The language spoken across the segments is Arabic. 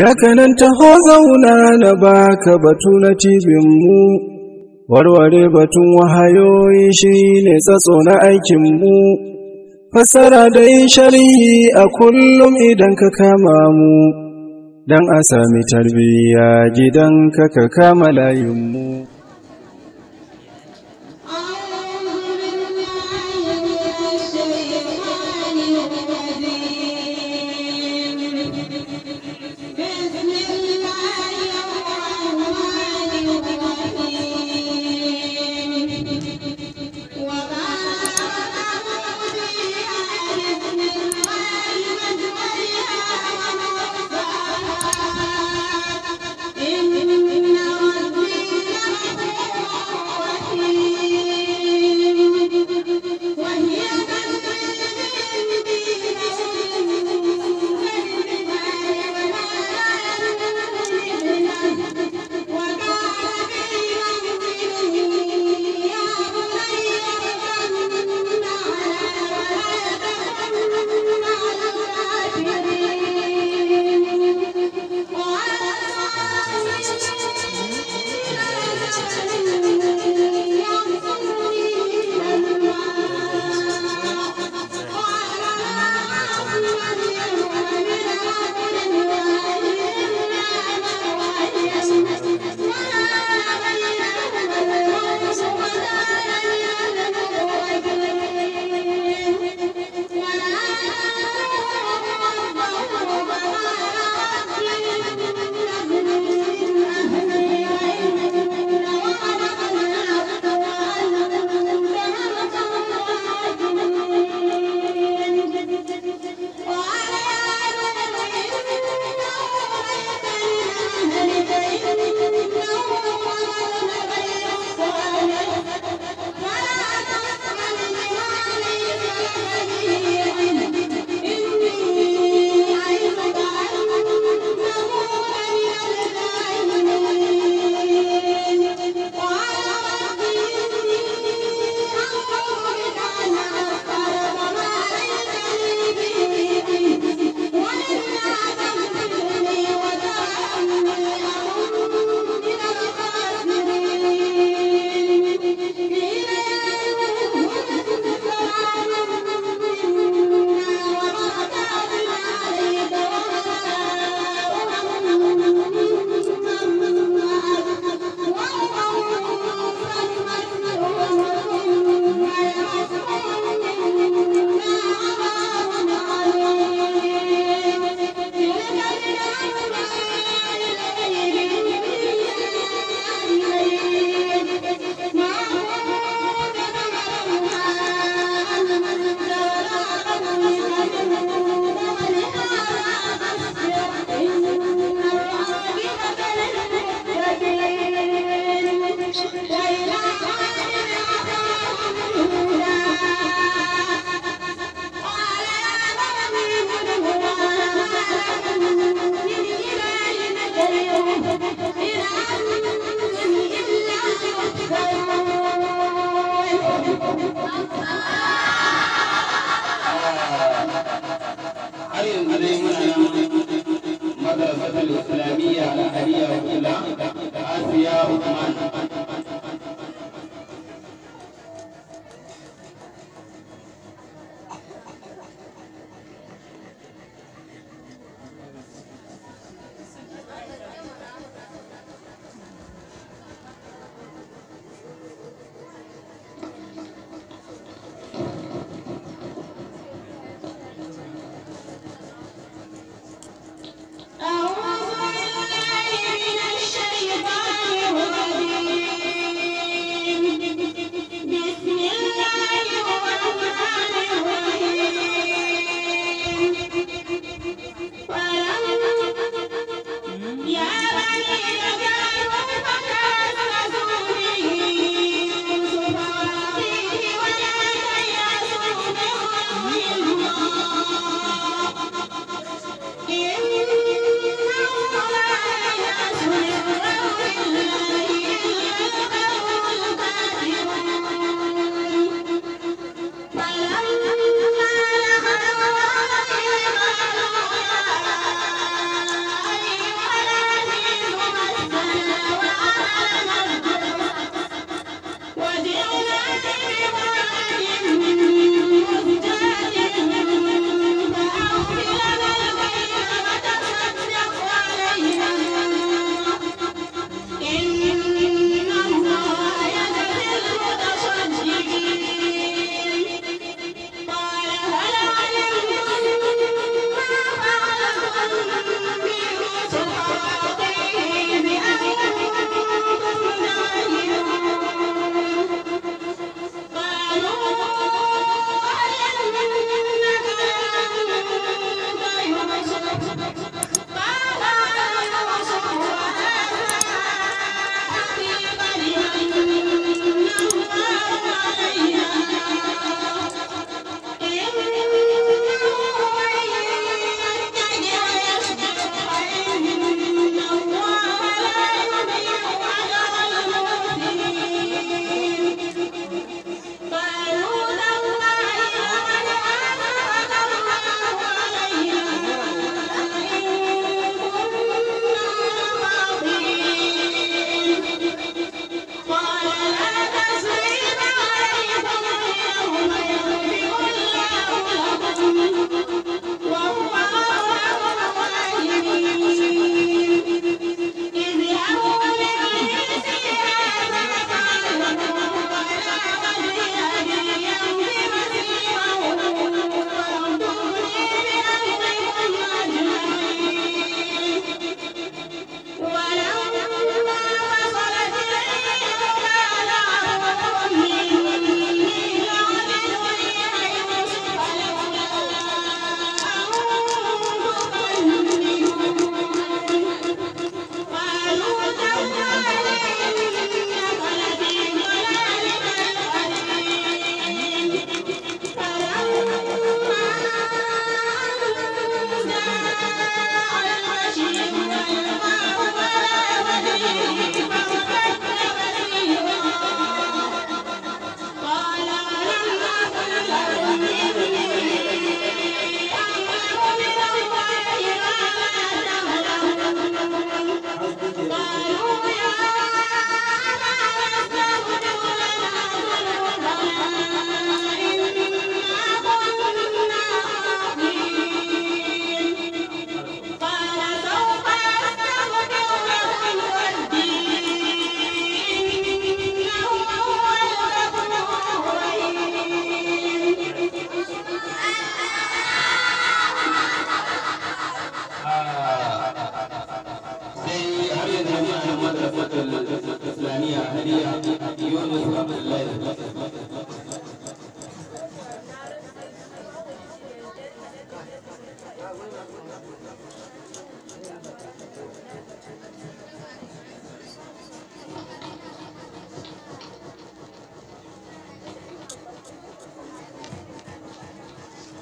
ya kanan taho zauna na baka batu na mu. warware batun wahayoyi shi ne tsatso na aikinmu fassara da yin sharhi a kullum idan ka kama mu don a sami tarbiyya gidan ka ka kama layinmu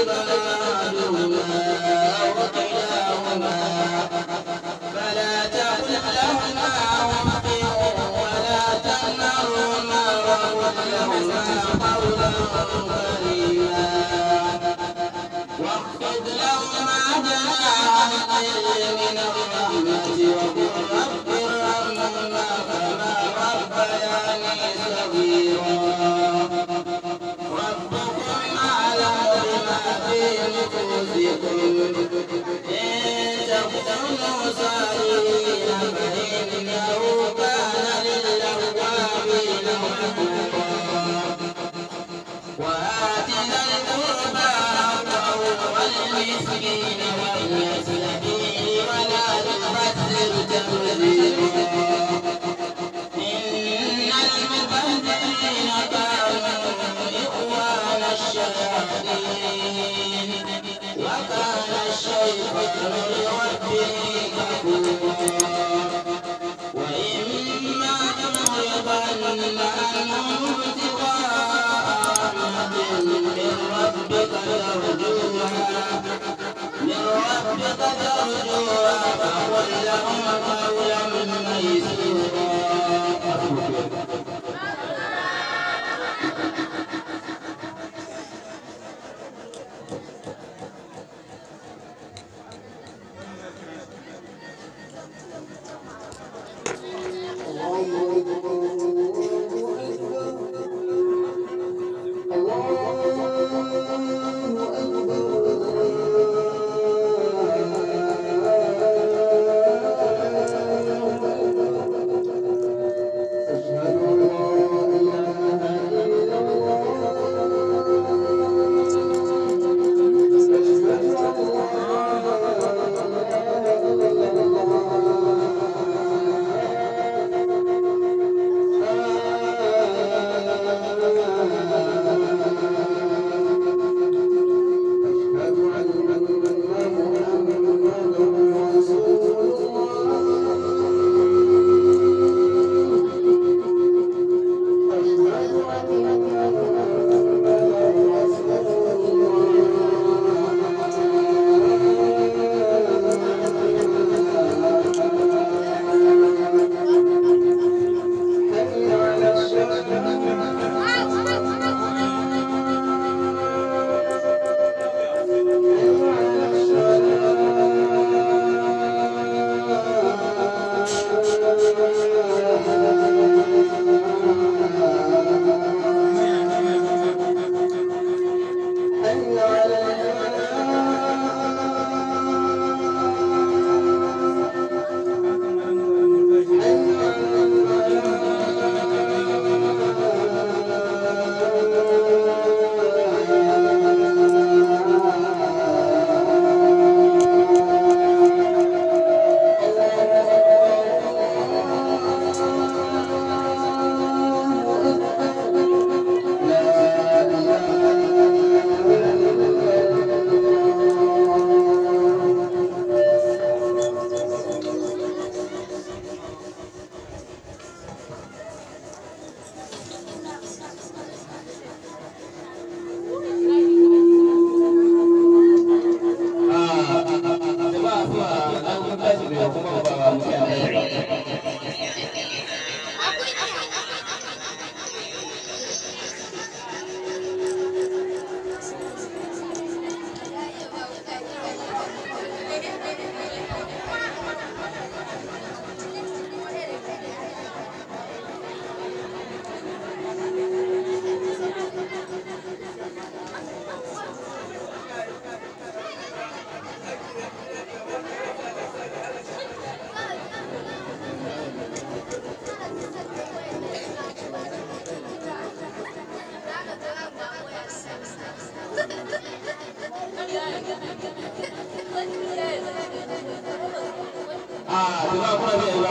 عدونا وكلاهما فلا تقل لهما أوفي لهما قولا واخفض لهما جناح الذل سنين وهي سنتين ولا الشياطين وكان الشيطان لربه كفورا وإما تمرضن عنهم ابتغاء من ربك ترجوها فقد رجوعك قل لهم قولا ميسورا Thank you.